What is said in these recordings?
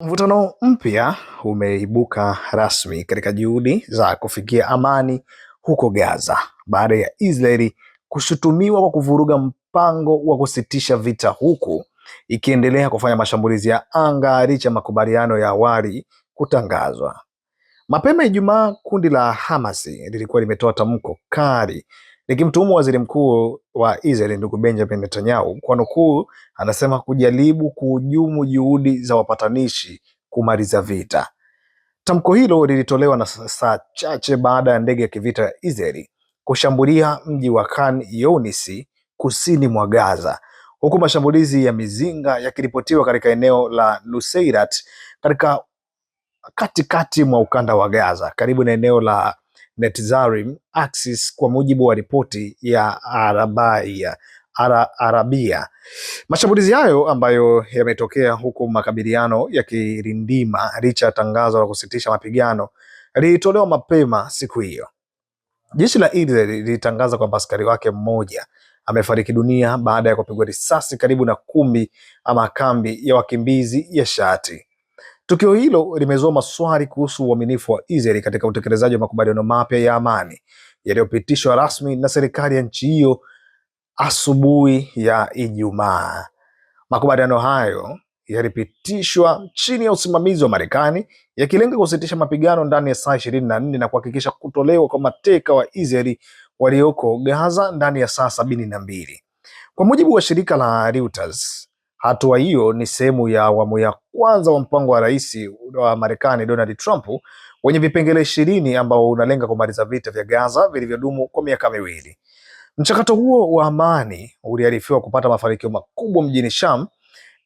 Mvutano mpya umeibuka rasmi katika juhudi za kufikia amani huko Gaza baada ya Israeli kushutumiwa kwa kuvuruga mpango wa kusitisha vita huku ikiendelea kufanya mashambulizi ya anga licha ya makubaliano ya awali kutangazwa. Mapema Ijumaa, kundi la Hamasi lilikuwa limetoa tamko kali likimtuhumu waziri mkuu wa Israel ndugu Benjamin Netanyahu kwa nukuu, anasema kujaribu kuhujumu juhudi za wapatanishi kumaliza vita. Tamko hilo lilitolewa na saa chache baada ya ndege ya kivita ya Israeli kushambulia mji wa Khan Younis kusini mwa Gaza, huku mashambulizi ya mizinga yakiripotiwa katika eneo la Nuseirat katika katikati mwa ukanda wa Gaza karibu na eneo la Netzarim Axis kwa mujibu wa ripoti ya Arabia. Ara, Arabia. Mashambulizi hayo ambayo yametokea huku makabiliano yakirindima licha ya tangazo la kusitisha mapigano lilitolewa mapema siku hiyo. Jeshi la Israel lilitangaza kwamba askari wake mmoja amefariki dunia baada ya kupigwa risasi karibu na kumbi ama kambi ya wakimbizi ya Shati. Tukio hilo limezua maswali kuhusu uaminifu wa Israeli katika utekelezaji wa makubaliano mapya ya amani yaliyopitishwa rasmi na serikali ya nchi hiyo asubuhi ya Ijumaa. Makubaliano hayo yalipitishwa chini ya usimamizi wa Marekani yakilenga kusitisha mapigano ndani ya saa ishirini na nne na kuhakikisha kutolewa kwa mateka wa Israeli walioko Gaza ndani ya saa sabini na mbili kwa mujibu wa shirika la Reuters. Hatua hiyo ni sehemu ya awamu ya kwanza wa mpango wa rais wa Marekani Donald Trump wenye vipengele ishirini ambao unalenga kumaliza vita vya Gaza vilivyodumu kwa miaka miwili. Mchakato huo wa amani uliarifiwa kupata mafanikio makubwa mjini Sham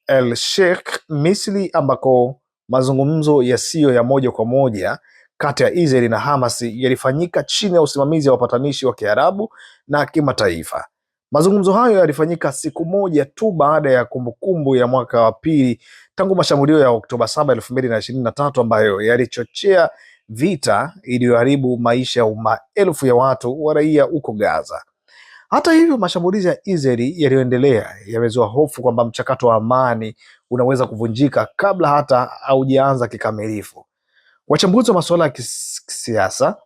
El Sheikh, Misri, ambako mazungumzo yasiyo ya moja kwa moja kati ya Israeli na Hamas yalifanyika chini ya usimamizi wa wapatanishi wa Kiarabu na kimataifa. Mazungumzo hayo yalifanyika siku moja tu baada ya kumbukumbu ya mwaka wa pili tangu mashambulio ya Oktoba saba elfu mbili na ishirini na tatu ambayo yalichochea vita iliyoharibu maisha ya maelfu ya watu wa raia huko Gaza. Hata hivyo, mashambulizi ya Israeli yaliyoendelea yamezua hofu kwamba mchakato wa amani unaweza kuvunjika kabla hata haujaanza kikamilifu. Wachambuzi wa masuala ya kisiasa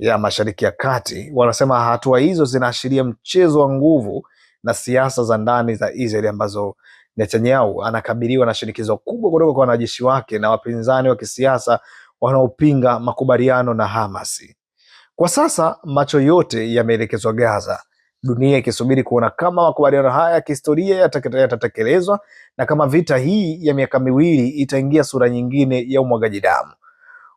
ya Mashariki ya Kati. Wanasema hatua hizo zinaashiria mchezo wa nguvu na siasa za ndani za Israeli ambazo Netanyahu anakabiliwa na shinikizo kubwa kutoka kwa wanajeshi wake na wapinzani wa kisiasa wanaopinga makubaliano na Hamas. Kwa sasa macho yote yameelekezwa Gaza, dunia ikisubiri kuona kama makubaliano haya ya kihistoria yatatekelezwa na kama vita hii ya miaka miwili itaingia sura nyingine ya umwagaji damu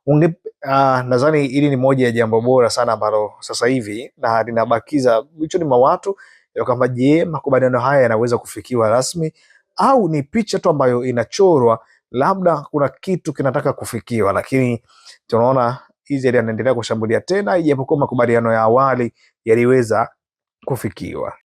unge, uh, ah, nadhani hili ni moja ya jambo bora sana ambalo sasa hivi na linabakiza vichoni mwa watu ya kwamba je, makubaliano haya yanaweza kufikiwa rasmi au ni picha tu ambayo inachorwa, labda kuna kitu kinataka kufikiwa, lakini tunaona Israel anaendelea kushambulia tena, ijapokuwa makubaliano ya awali yaliweza kufikiwa.